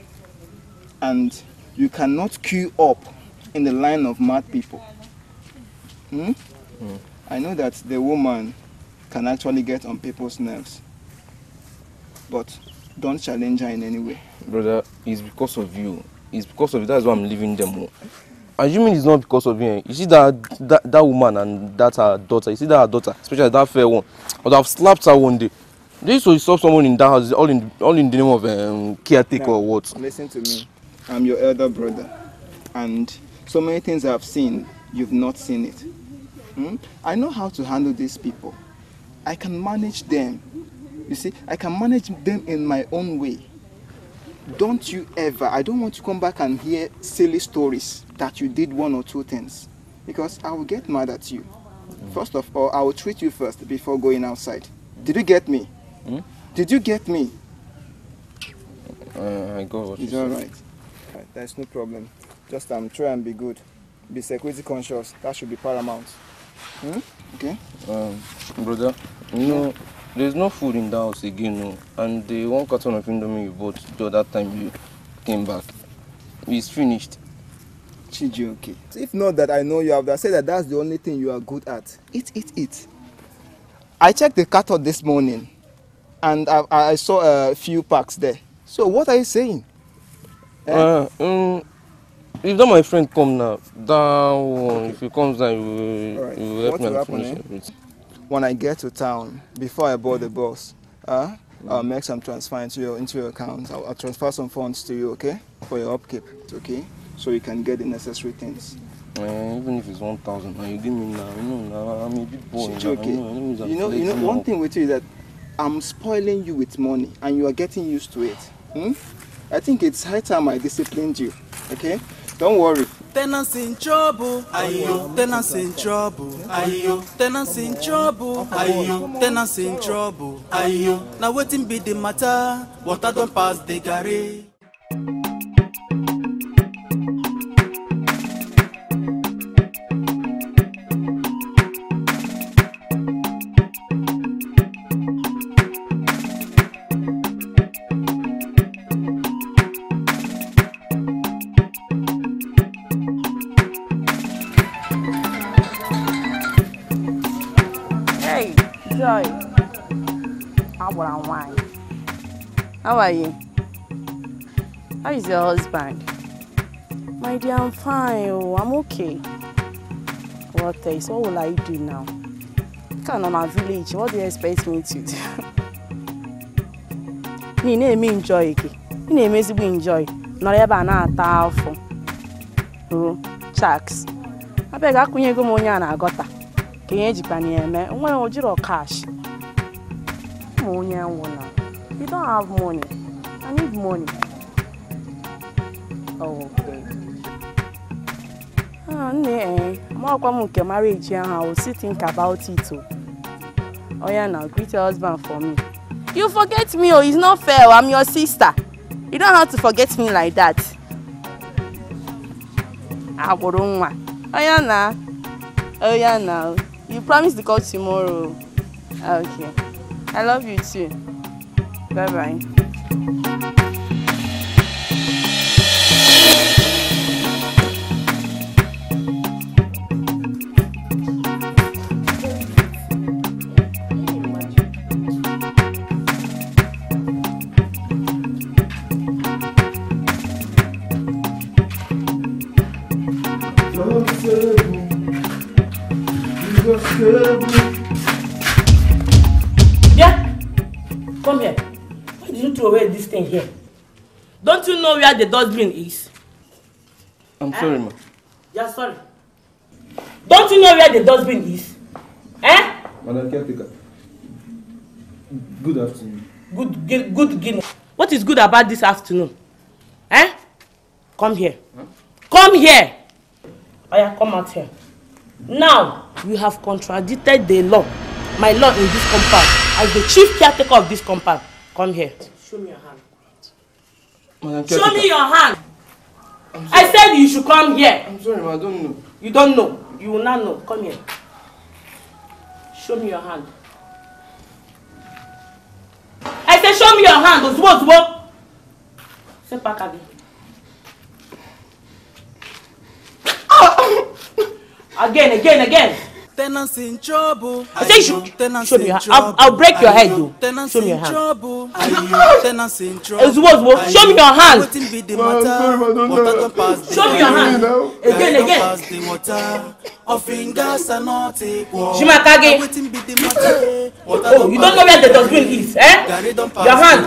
And you cannot queue up in the line of mad people. Hmm? Mm. I know that the woman can actually get on people's nerves. But don't challenge her in any way. Brother, it's because of you it's because of it. That's why I'm leaving them home. mean it's not because of you? You see that that, that woman and that her daughter. You see that her daughter, especially that fair one. But I've slapped her one day. This used to stop someone in that house, all in all in the name of um, caretaker or what. Listen to me. I'm your elder brother, and so many things I've seen, you've not seen it. Hmm? I know how to handle these people. I can manage them. You see, I can manage them in my own way don't you ever, I don't want to come back and hear silly stories that you did one or two things because I will get mad at you. Mm. First of all, I will treat you first before going outside. Did you get me? Mm? Did you get me? Uh, I got what it's you all right. right. There's no problem. Just um, try and be good. Be security conscious. That should be paramount. Hmm? Okay? Um, brother, you know, there's no food in the house again, no. And the one carton of indomie you bought the other time you came back, it's finished. Chiji, okay. If not that I know you have that, say that that's the only thing you are good at. Eat, eat, eat. I checked the cattle this morning and I, I saw a few packs there. So what are you saying? Eh? Uh, um, if that my friend come now, that one, if he comes now, you. will, right. will help me finish everything when I get to town, before I board the mm. bus, uh, I'll make some transfer into your, into your account. I'll, I'll transfer some funds to you, okay? For your upkeep, okay? So you can get the necessary things. Uh, even if it's 1,000, you give me now, you know, I'm a bit bored. Okay. you know, you know one thing with you is that I'm spoiling you with money and you are getting used to it. Hmm? I think it's high time I disciplined you, okay? Don't worry. Tenants in trouble, ayo. Tenants in trouble, ayo. Tenants in trouble, ayo. Tenants in trouble, ayo. Now waiting be the matter, water don't pass the garage. are you? How is your husband? My dear, I'm fine. Oh, I'm okay. What else? What will I do now? Kind of my village. What do you expect me to do? Ị na-eme enjoy gị. Ị na-eme ezigbo enjoy. Nọrọ ebe a na-ata afọ. Ruo chaks. Abịa ga akwụnyego m onye a na-agọta. Ka ihe ejikwa na não Nwa ya o jiro cash. Ụmụ onye You don't have money. I need money. Oh, okay. Ah, nee. Amakwa m nke marriage ahụ, I will still think about it. Oh, oh yeah, now greet your husband for me. You forget me, oh, it's not fair. I'm your sister. You don't have to forget me like that. Agboro nwa. Oh yeah, now. Oh yeah, now. You promise to call tomorrow. Ah, okay. I love you too. Bye bye. Thank you. where the dustbin is? I'm eh? sorry, ma. Yeah, sorry. Don't you know where the dustbin is? Eh? Madam caretaker, good afternoon. Good, good, good, What is good about this afternoon? Eh? Come here. Huh? Come here. Oya, come out here. Now, you have contradicted the law, my law in this compound, as the chief caretaker of this compound. Come here. Show me your hand. Madam Show me your hand. I said you should come here. I'm sorry, ma, I don't know. You don't know. You will not know. Come here. Show me your hand. I said, show me your hand. Òṣùwọ̀ Say back again. Again, again, again. Tenants in trouble. I say show, show me your hand. I'll, break your head though. Show me your hand. Tenants in trouble. Ezuwo, Ezuwo, show me your hand. Wetin be the matter? Water don pass Show me your hand. Again, again. Of fingers are not equal. Shimakage. Wetin be the matter? Oh, you don't know where the dustbin is, eh? Your hand.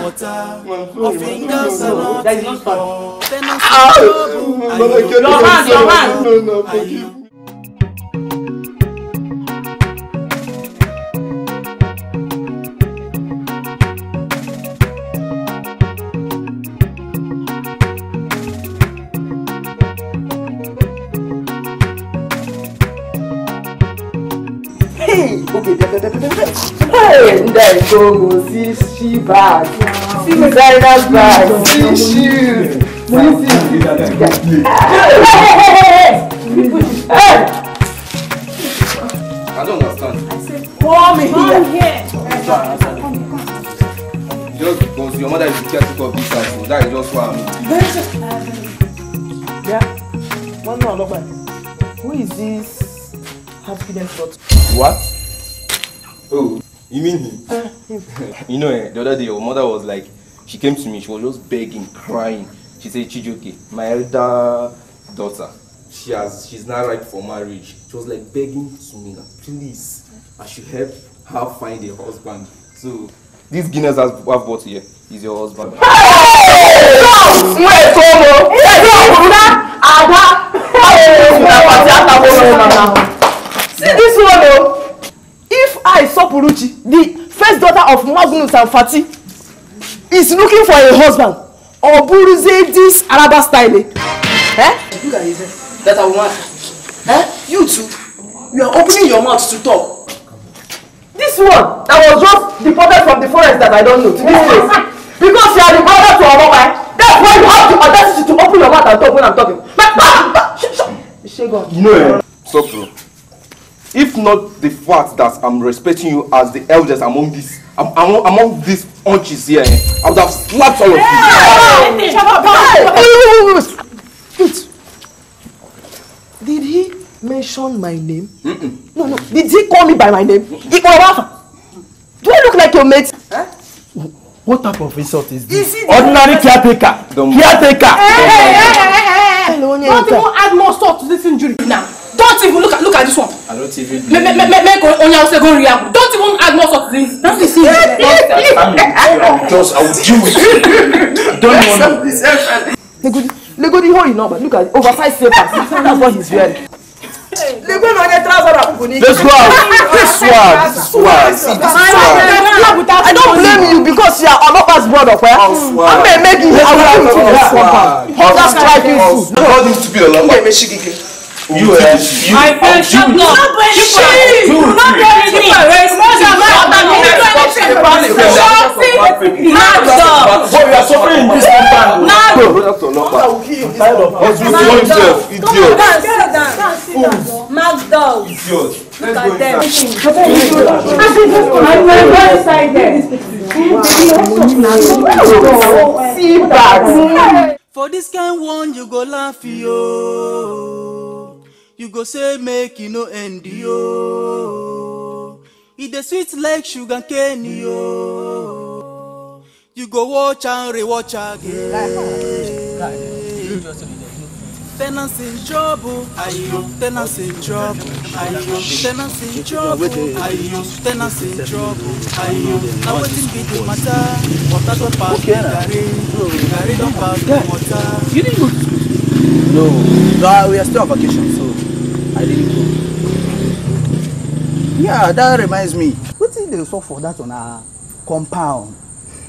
Of fingers are not equal. Tenants in trouble. Your hand, your hand. Hey, there you go. See she bags, see designer bags, see shoes. Hey, hey, hey, hey! I don't understand. I said, come here. Just because your mother is the caretaker of this house, so that is just what I mean. Yeah. One more, Who is this happiness? What? Oh, you mean ah, him? you know, eh, the other day your mother was like, she came to me, she was just begging, crying. She said, Chijoke, my elder daughter, she has, she's not ripe for marriage. She was like begging to me please, I should help her find a husband. So, this Guinness has, I've bought here is your husband. Hey! No! Wait, Tomo! no Tomo! Ada! See this one, oh! Ola Isopuruchi, the first daughter of Magnus and Fati, is looking for a husband. Oburuze this Araba style. Eh? Look at yourself. That woman. Eh? You two, You are opening your mouth to talk. This one that was just deported from the forest that I don't know to this place. Because you are the brother to our Omobai. Eh? That's why you have the audacity to open your mouth and talk when I'm talking. Like, shut, shut. Shegon. No. Eh, stop, bro. if not the fact that I'm respecting you as the eldest among these among, among these hunches here, I would have slapped all of you. Did he mention my name? Mm -mm. No, no. Did he call me by my name? Do I look like your mate? Huh? Eh? What type of insult is this? Is Ordinary caretaker. Caretaker. Hey, hey, hey, hey, hey. Don't even add more salt to this injury now. don't even look at look at this one. I don't even. Make make make your second react. Don't even add more salt to this. Don't you see? I'm just I would deal with you. Don't want to. Legodi Legodi hold it now, but look at oversized slippers. That's what he's wearing. Let's go out. This one, this one, this one. I don't blame you because you are Olopa's brother, where I may make you. I will give you this compound. Hunger strike you. How do you to be Olopa? you ẹ you my friend shut up no bullshit you no get me But we are suffering in this compound. Go, go to Lopa. I'm tired of this. You want yourself, idiot. Magdal. Idiot. Look at them. I'm my brother's side there. See back. For this kind one, you go laugh, yo you go say make e no end yo. e dey sweet like sugar cane yo. you go watch and rewatch again. Tenants in trouble, ayo. Tenants in trouble, ayo. Tenants in trouble, ayo. Tenants in trouble, ayo. Now wetin be the matter? Water don pass the garri, garri don pass the water. You didn't go to school? No, no, uh, we are still on vacation, so. I really go. Yeah, that reminds me. What Wetin they sup for that on our ah, compound?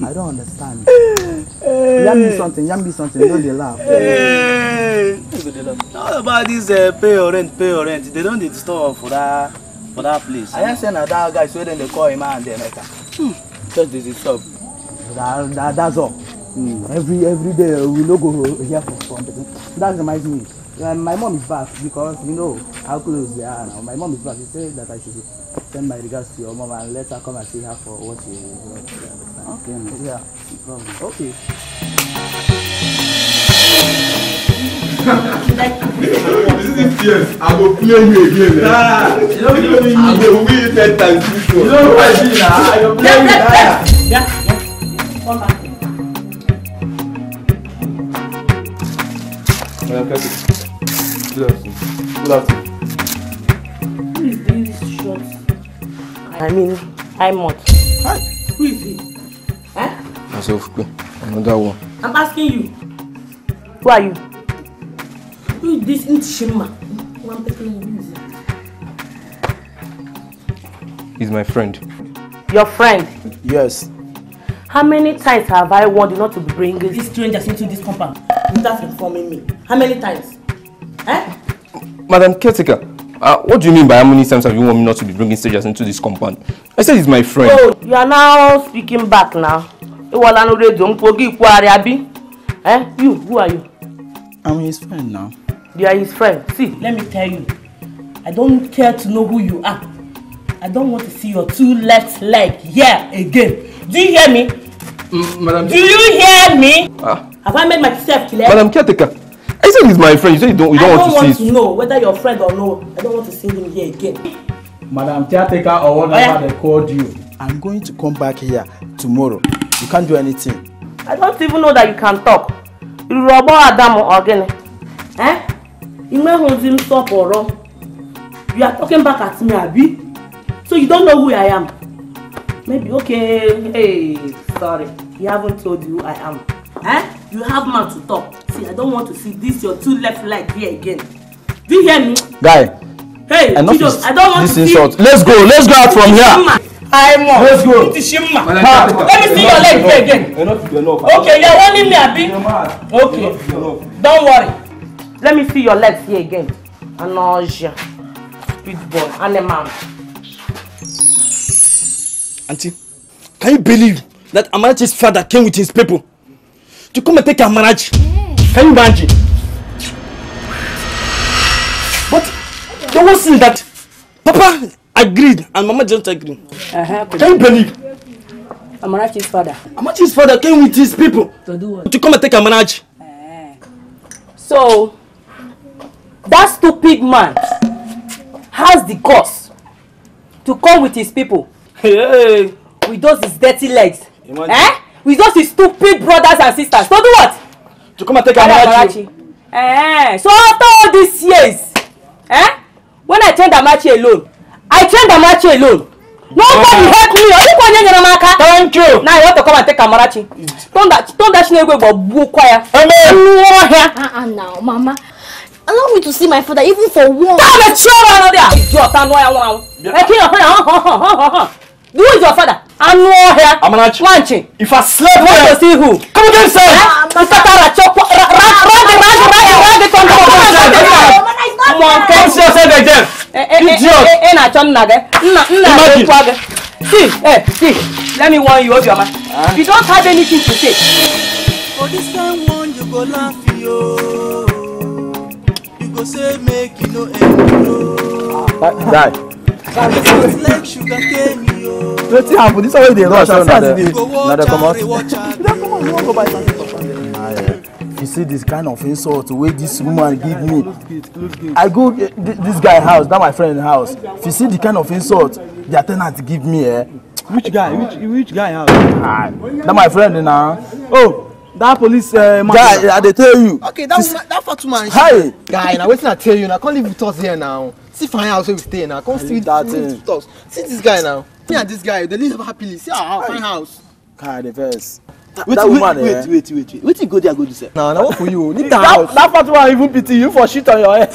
I don't understand. hey. Yarn me something, yarn me something, Don't they laugh. Hey. Eh. How about this uh, pay or rent, pay or rent? They don dey disturb for that for that place. I hear say na that guy wey dem dey call Emma and Emeka. Hmm. Just this disturb. That, that, that's all. Mm. Every every day we no go here for something. That reminds me. Well, my mom is back because you know how close they are now. My mom is back. She said that I should send my regards to your mom and let her come and see her for what she wants. Okay. Yeah. No Okay. this is yes. I go play you again. Nah, eh? you don't play me. I go win ten times this one. You don't play me now. I go play you now. Yeah, yeah. Come eh? back. Well, perfect. Good afternoon. I mean, I'm not. Huh? Who is he? Huh? Eh? Myself, another one. I'm asking you. Who are you? Who is this Intishima? One person He's my friend. Your friend? Yes. How many times have I warned you not to bring these strangers into this compound without informing me? How many times? Eh? Madam caretaker, uh, what do you mean by how many times have you want me not to be bringing strangers into this compound? I said he's my friend. Oh, you are now speaking back now. Eh? You, who are you? I'm his friend now. You are his friend. See, let me tell you. I don't care to know who you are. I don't want to see your two left leg here again. Do you hear me? Mm, Madam. Do you hear me? Ah. Have I made myself clear? Madam caretaker, Jason is my friend. You said you don't, you don't, I want, don't want to see. I don't want to know whether you're friend or no. I don't want to see him here again. Madam caretaker or whatever oh, they called you. I'm going to come back here tomorrow. You can't do anything. I don't even know that you can talk. You Robo Adamu again. Eh? stop or Msoporo. You are talking back at me, Abby. So you don't know who I am. Maybe, okay, hey, sorry. He haven't told you who I am. Eh? you have mouth to talk see i don want to see this your two left leg here again do you hear me. guy hey enough Chido, is, i don want this to insult. see let's go let's go out from here. Aimọ. Let's go. Let me see your leg here again. Enough enough. Okay, you're warning me, Abi. Okay. Don't worry. Let me see your legs here again. Nausea. Big boy. Animal. Auntie, can you believe that Amarachi's father came with his people? to come and take our marriage. Can you manage? But there wasn't that. Papa agreed and Mama didn't agree. Uh -huh, can you believe? Amarachi's father. Amarachi's father came with his people to do what? To come and take Amarachi. Uh, uh-huh. so, that stupid man has the guts to come with his people. Hey. With those his dirty legs. Imagine. Eh? with those stupid brothers and sisters to do what. to come and take Amarachi. Eh, so after all these years eh, when I trained Amarachi alone I trained Amarachi alone nobody help me olùkọ́ onye nyere m aka. thank you. na you want to come and take Amarachi. tonda chinegwe gbagbukwa ya. amen. Uh-uh nwụọ ya. mama allow me to see my father even for one. táwọn ẹ̀ tí ó rọrùn dẹ́ àjọ ta lọ́ọ̀yà wọn. ẹ kí ni ọ̀pẹ́ náà hàn hàn hàn Who is your father? I'm Anu Ohia. Amanachi. Wanchi. If I slap you, want to see who? Come again, sir. Mr. Tara, chop, rag, rag, rag, rag, rag, rag, come on, come on, see yourself again. Idiot. Eh, na chom na ge. Na, na, na, kwa ge. See, eh, see. Let me warn you, hold your mouth. Huh? You don't have anything to say. For this time one, you go laugh, yo. You go say make you no end, yo. Dad wetin happen dis one wey dey rush as as e dey na dey comot you come on you wan go buy something for family. you see this kind of insult wey this woman give me i go this guy house that my friend house if you see the kind of insult their ten ant give me eh. which guy which which guy house. ah that my friend na. oh that police uh, man. guy i dey tell you. okay that that fat woman. hi guy na wetin i tell you na come live with us here now see fine house wey we stay now come see that thing talks see this guy now me and this guy dey live happily see our fine house. kai dey vex. Wait, that woman wait, eh? wait, wait, wait, wait. Wetin go there go do sef? Na na work for you. Need the house. That part one even pity you for shit on your head.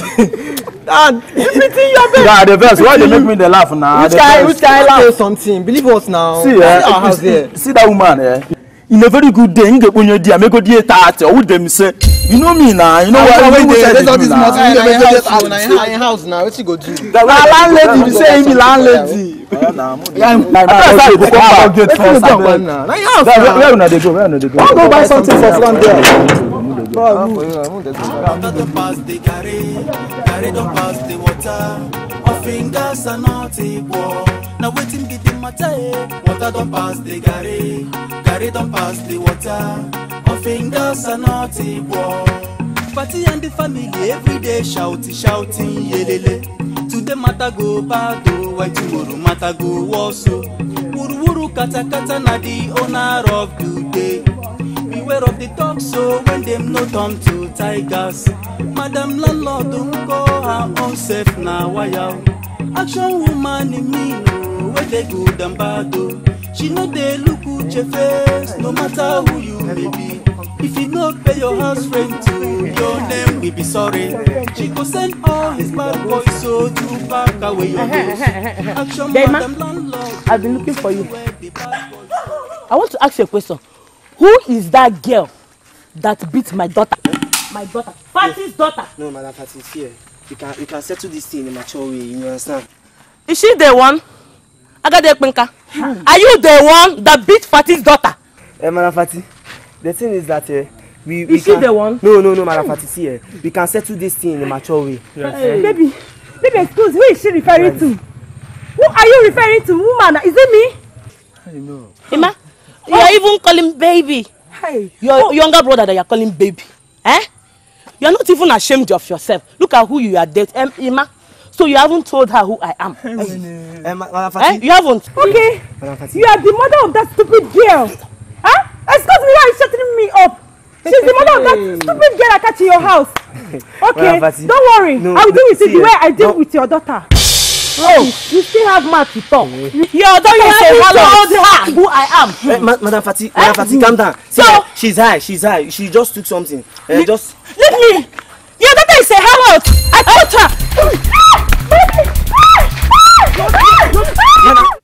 Dan, you pity your babe. Nah, the best. Why you make me the laugh na? Which guy, which guy laugh? Something. Believe us now. See, eh? See, see that woman, eh? in a very good day nga onye di amego di taati owu them say you know me na you know what wey dey dey do na na in house na wetin go do. na landlady be say im be landlady. after you go come back gate first abeg na in house na. where una dey go where una dey go. wan go buy something for front there. Bro, I'm going to pass the carry, carry don't pass the water fingers are not equal. Now waiting be the matter. Water don't pass the gare. Gare don't pass the water. Our fingers are not equal. Party and the family every day shouting, shouting, yelele. Today matter go bado, oh, why tomorrow matter go also. Oh. Wuru wuru kata kata na the owner of today. Beware of the talk so oh, when them no come to tigers. Madam landlord don't go her own safe now, why out? action woman in me o oh, wey dey good and bad o oh. she no dey look uche face no matter who you may be if you no pay your house rent o your name we be sorry she go send all his bad boys so to pack away your goods action madam landlord i been looking for you i want to ask you a question who is that girl that beat my daughter my daughter Fati's daughter no madam Fati is here you can you can settle this thing in a mature way you understand. is she the one agade pinka are you the one that beat fati's daughter. Eh, madam fati the thing is that uh, we we is can... she the one. no no no madam fati see eh, we can settle this thing in a mature way. Eh, yes. Hey. baby baby excuse who is she referring to who are you referring to woman is it me. i know. emma you are even calling baby. Hey. your oh. younger brother that you are calling baby. Eh? You are not even ashamed of yourself. Look at who you are dating. Um, Emma. So you haven't told her who I am. eh, You haven't. Okay. You are the mother of that stupid girl. Huh? Excuse me, why are you shutting me up? She's the mother of that stupid girl I catch in your house. Okay, don't worry. No, I will deal with it the way I deal no. with your daughter oh you still have mouth to talk. yóò tó yẹ ṣe wá lọ her who i am. Eh, ma madam fati eh? madam fati calm down see so, she's high she's high she just took something. Uh, just... leave me Your daughter is a how i told her. Ah,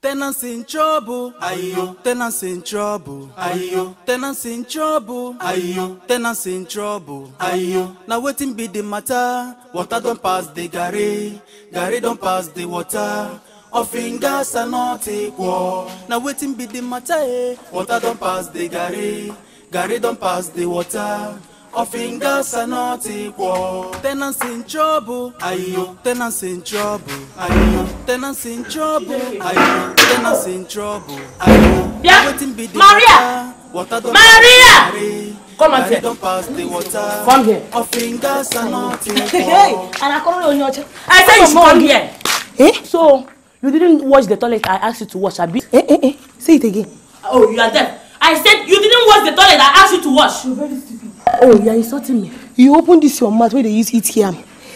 Tenants in trouble, ayo. Tenants in trouble, ayo. Tenants in trouble, ayo. Tenants in trouble, ayo. Now wetin be the matter? Water don pass the garri, garri don pass the water. Offering gas and not equal. Now wetin be the matter? Eh? Water don pass the garri, garri don pass the water. Offering girls are not equal. Tenants in trouble, ayo. Tenants in trouble, ayo. Tenants in trouble, ayo. Tenants in trouble, ayo. Yeah. Maria! Maria! Come and here. Don't pass the water. Come here. Offering girls are not Hey, and I call you on your I said you come here. Eh? So, you didn't wash the toilet I asked you to wash, Abi? Eh, eh, eh. Say it again. Oh, you are deaf. I said you didn't wash the toilet I asked you to wash. You're oh you are insulting me you open this your mouth where they use it here.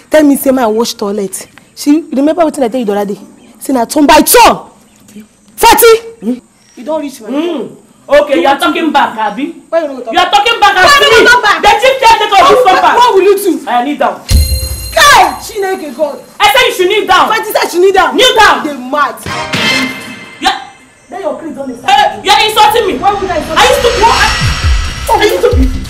tell me say my wash toilet See, remember what i tell you the other day say na turn by turn thirty. Hmm? you don't reach my mm. okay you are talking back Abby. abi you are talking back Why you are talking back? the chief caretaker of this compound what will you do i kneel down. Guy, she naked god. i said you should kneel down. fati say she kneel down. kneel down. you dey Yeah. Then your clothes don't start. Uh, are insulting me. Why would I insult you? Are you stupid? Are you stupid?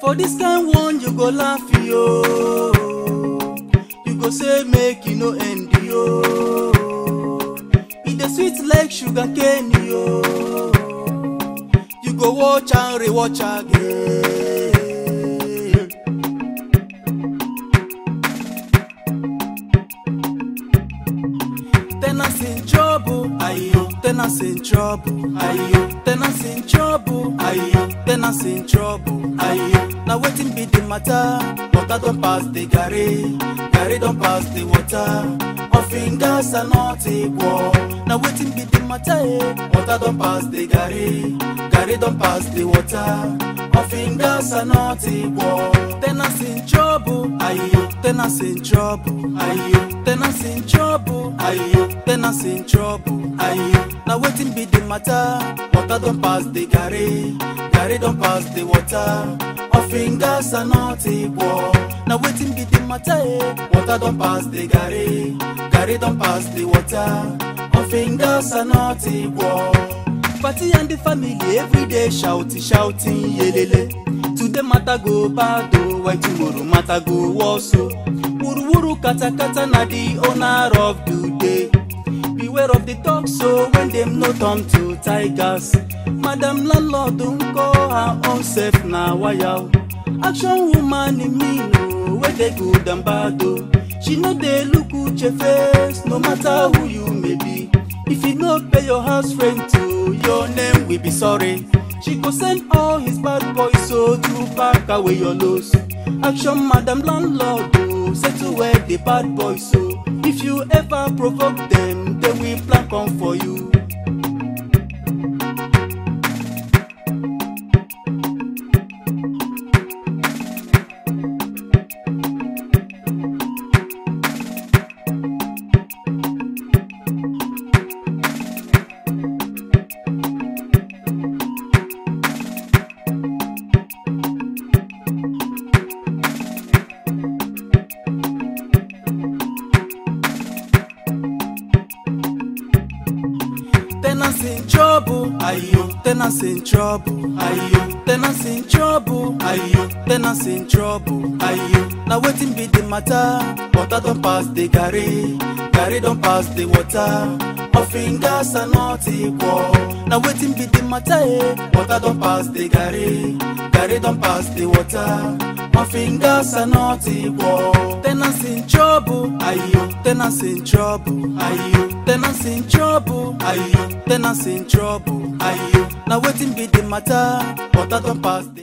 For this kind one, you go laugh, yo. You go say, make you no end, yo sweet like sugar cane yo you go watch and rewatch again. Tenants in trouble, ayo. Tenants in trouble, ayo. Tenants in trouble, ayo. Tenants in trouble, ayo. Now waiting be the matter. Water don't pass the garri, garri don't pass the water. My fingers are not equal. Now waiting be the matter. Water don't pass the garri, garri don't pass the water. My fingers are not equal. Tenants in trouble, are you? Tenants in trouble, are you? Tenants in trouble, are you? Tenants in trouble, are you? Now waiting be the matter. Water don't pass the garri, garri don't pass the water fingers are not equal Now wetin be the matter water don't pass the garri garri don't pass the water our fingers are not equal party and the family every day shouting shouting yelele today matter go bad oh, why tomorrow matter go worse o oh. kata kata na the owner of today beware of the talk so when dem no turn to tigers madam landlord nko her own self na wire action woman in me no wey dey good and bad o oh. she no dey look uche face no matter who you may be if you no pay your house rent to, oh, your name we be sorry she go send all his bad boys so oh, to pack away your loss action madam landlord o settle where the bad boys o. If you ever provoke them, they will plan on for you. matter water don't pass the garri garri don't pass the water My fingers are not equal Now waiting be the matter eh? water don't pass the garri garri don't pass the water My fingers are not equal ten ants in trouble ayo ten ants in trouble ayo ten ants in trouble ayo ten ants in trouble ayo Now waiting be the matter water don't pass the